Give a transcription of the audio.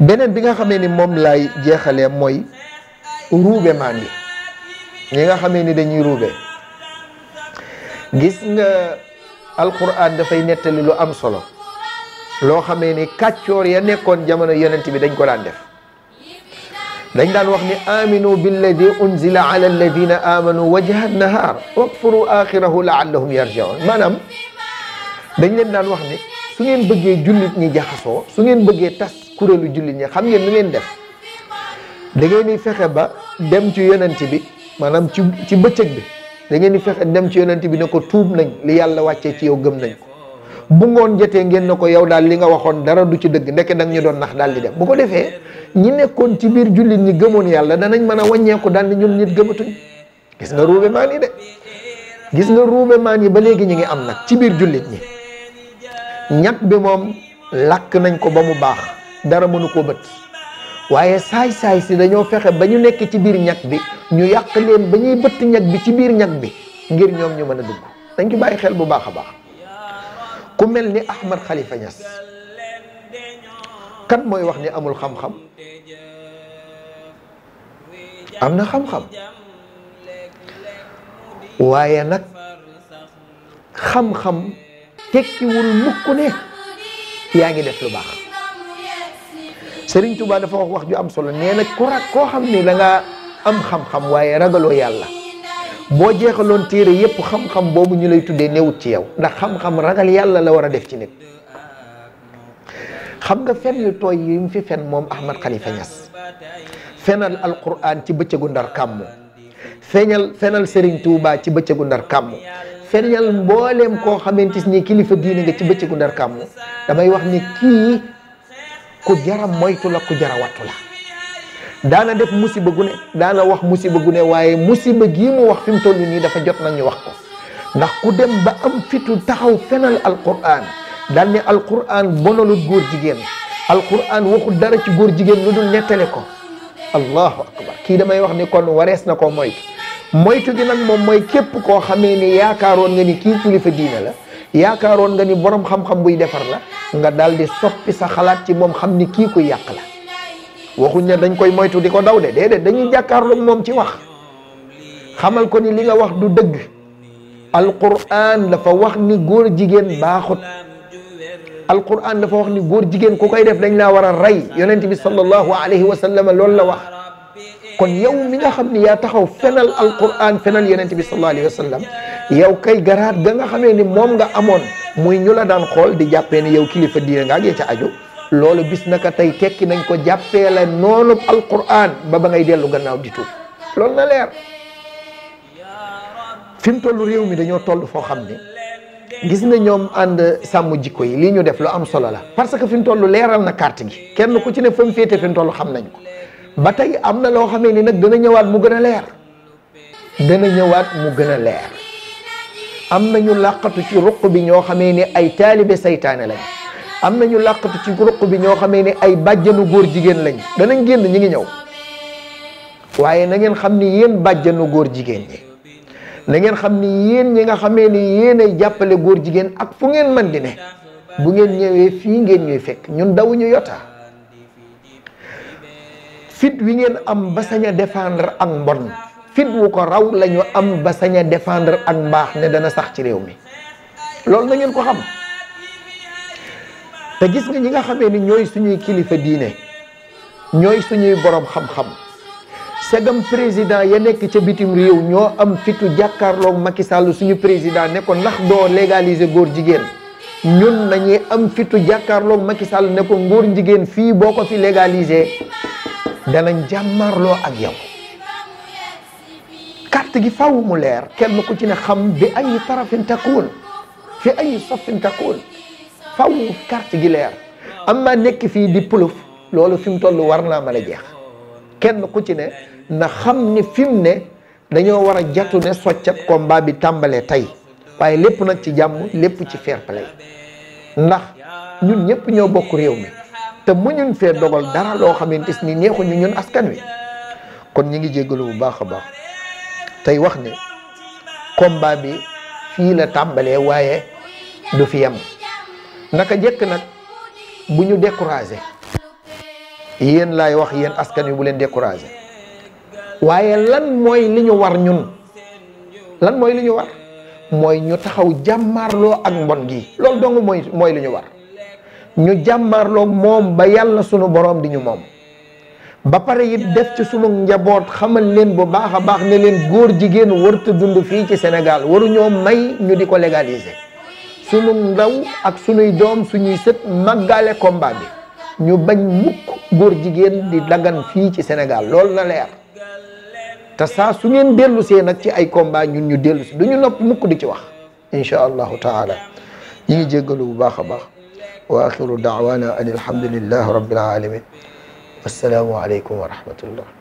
beneen bi nga xamee ni moom laay jeexalee mooy ruube maan yi ñi nga xamee ni dañuy ruube gis nga alquran dafay nettali lu am solo loo xamee ni kàccoor ya nekkoon jamono yonent bi dañ ko daan def dañ daan wax ni aminu billadi unzila ala alladina amanu wajha nahar wakfuru axirahu laallahum yarjiun maanaam dañ leen daan wax ni su ngeen bëggee jullit ñi jaxasoo su ngeen bëggee tas kuréelu jullit ñi xam ngeen nu ngeen def dangeen ngeen di fexe ba dem ci yonent bi maanaam ci ci bëccëg bi da di fexe dem ci yonent bi ne ko tuub nañ li yàlla wàccee ci yow gëm nañ ko bu ngoon jotee ngeen ne ko yow daal li nga waxoon dara du ci dëgg ndeke da ñu doon nax daal di dem bu ko defee ñi nekkoon ci biir jullit ñi gëmoon yàlla danañ mën a wàññeeku daal di ñun nit gëmatuñ gis nga ruube maan yi de gis nga ruube maan yi ba léegi ñu ngi am na ci biir jullit ñi ñag bi moom lakk nañ ko ba mu baax dara mënu ko bët waaye saay-saay si dañoo fexe ba ñu nekk ci biir ñag bi ñu yàq leen ba ñuy bëtt ñag bi ci biir ñag bi ngir ñoom ñu mën a dugg dañ ci bàyyi xel bu baax a baax ku mel ni Ahmad Khalifa Niass kan mooy wax ni amul xam-xam am na xam-xam waaye nag xam-xam tekkiwul mukk ne yaa ngi def lu baax Serigne Touba dafa wax wax ju am solo nee na ku rag koo xam ne da ngaa am xam-xam waaye ragaloo yàlla boo jeexaloon téere yépp xam-xam boobu ñu lay tuddee newut ci yow ndax xam-xam ragal yàlla la war a def ci nit xam nga fen yu tooy yi mu fi fen moom Ahmad Khalifa Niass fenal Alquran ci bëccëgu ndar kàmmu feñal fenal Serigne Touba ci bëccëgu ndar kàmmu koo xamantis ni kilifa diine nga ci bëccëgu ndar kàmmu damay wax ni kii ku jara moytu la ku jara wattu la daana def musiba gu ne daana wax musiba gu ne waaye musiba gii mu wax fi mu nii dafa jot nañu wax ko ndax ku dem ba am fitu taxaw fenal alquran daal ne alquran bonalut góor jigéen alquran waxul dara ci góor jigéen lu dul nettale ko allahu akbar kii damay wax ni kon warees na ko moytu moytu gi nag moom mooy képp koo xamee ni yaakaaroon nga ni kii kilifa diina la yaakaaroon nga ni borom xam-xam buy defar la nga daal di soppi sa xalaat ci moom xam ni kii kuy yàq la waxuñ ne dañ koy moytu di ko daw de déedéet dañuy jàkkaarloog moom ci wax xamal ko ni li nga wax du dëgg alquran dafa wax ni góor jigéen baaxut alquran dafa wax ni góor jigéen ku koy def dañ laa war a rey yonent bi sallallahu alayhi wa sallam loolu la wax kon yow mi nga xam ni yaa taxaw fenal alquran fenal yonent bi sallallahu alayhi wa yow kay garaat ga nga xamee ni moom nga amoon muy ñu la daan xool di jàppee ne yow kilifa diine nga ak ya ca aju loolu na naka tey tekki nañ ko jàppee la noonu alquran ba ba ngay dellu gannaaw di tuub loolu na leer fi mu toll réew mi dañoo toll foo xam ne gis na ñoom ànd sàmm jikko yi lii ñu def lu am solo la parce que fi mu toll leeral na carte gi kenn ku ci ne fa mu féete fi mu xam nañ ko ba tey am na loo xamee ni nag dana ñëwaat mu gën a leer dana ñëwaat mu gën a leer am na ñu làqatu ci ruq bi ñoo xamee ni ay taalibe seytaane lañ am na ñu làqatu ci ruq bi ñoo xamee ni ay bàjjanu góor jigéen lañ danañ génn ñi ngi ñëw waaye na ngeen xam ni yéen bàjjanu góor jigéen ñi na ngeen xam ni yéen ñi nga xamee ni yéen ay jàppale góor jigéen ak fu ngeen man di ne bu ngeen ñëwee fii ngeen ñuy fekk ñun dawuñu yota fit wi ngeen am ba sañ a ak mbon fit wu ko raw lañu am ba sañ a ak mbaax ne dana sax ci réew mi loolu na ngeen ko xam te gis nga ñi nga xamee ni ñooy suñuy kilifa diine ñooy suñuy boroom xam-xam segam président ya nekk ca bitim réew ñoo am fitu jàkkaarloog Macky Sall suñu président ne ko ndax doo légaliser góor jigéen ñun nañuy am fitu jàkkaarloog Macky Sall ne ko ngóor jigéen fii boo ko fi légaliser danañ jàmmarloo ak yow carte gi faw mu leer kenn ku ci ne xam bi ay tarafin takkuwoon fi ay soffin takkuwoon faaw carte gi leer amma nekk fii di puluf loolu fi mu toll war naa mën a jeex kenn ku ci ne na xam ni fi mu ne dañoo war a jatu ne soccat combat bi tàmbalee tey waaye lépp nag ci jàmm lépp ci fair play ndax ñun ñëpp ñoo bokk réew mi te muñun fee dogal dara loo xamante ni neexuñu ñun askan wi kon ñu ngi jéggalu bu baax a baax tey wax ne combat bi fii la tàmbalee waaye du fi yem naka jekk nag bu ñu découragé yéen laay wax yéen askan wi bu leen découragé waaye lan mooy li ñu war ñun lan mooy li ñu war mooy ñu taxaw jàmmarloo ak mbon gi loolu dong mooy mooy li ñu war ñu jàmmaarloo moom ba yàlla sunu boroom di ñu moom ba pare it def ci sunu njaboot xamal leen bu baax a baax ne leen góor jigéen warta dund fii ci Sénégal ñoom may ñu di ko légaliser sunu ndaw ak sunuy doom suñuy sët màggaale combat bi ñu bañ mukk góor jigéen di dagan fii ci Sénégal loolu na leer te sa su ngeen dellu see nag ci ay combat ñun ñu dellu si du ñu nopp mukk di ci wax insha allahu taala ñi ngi jéggalu bu baax a baax wa axiru daawana an alhamdulillahi rabbil alamin asalaamualeykum wa rahmatullah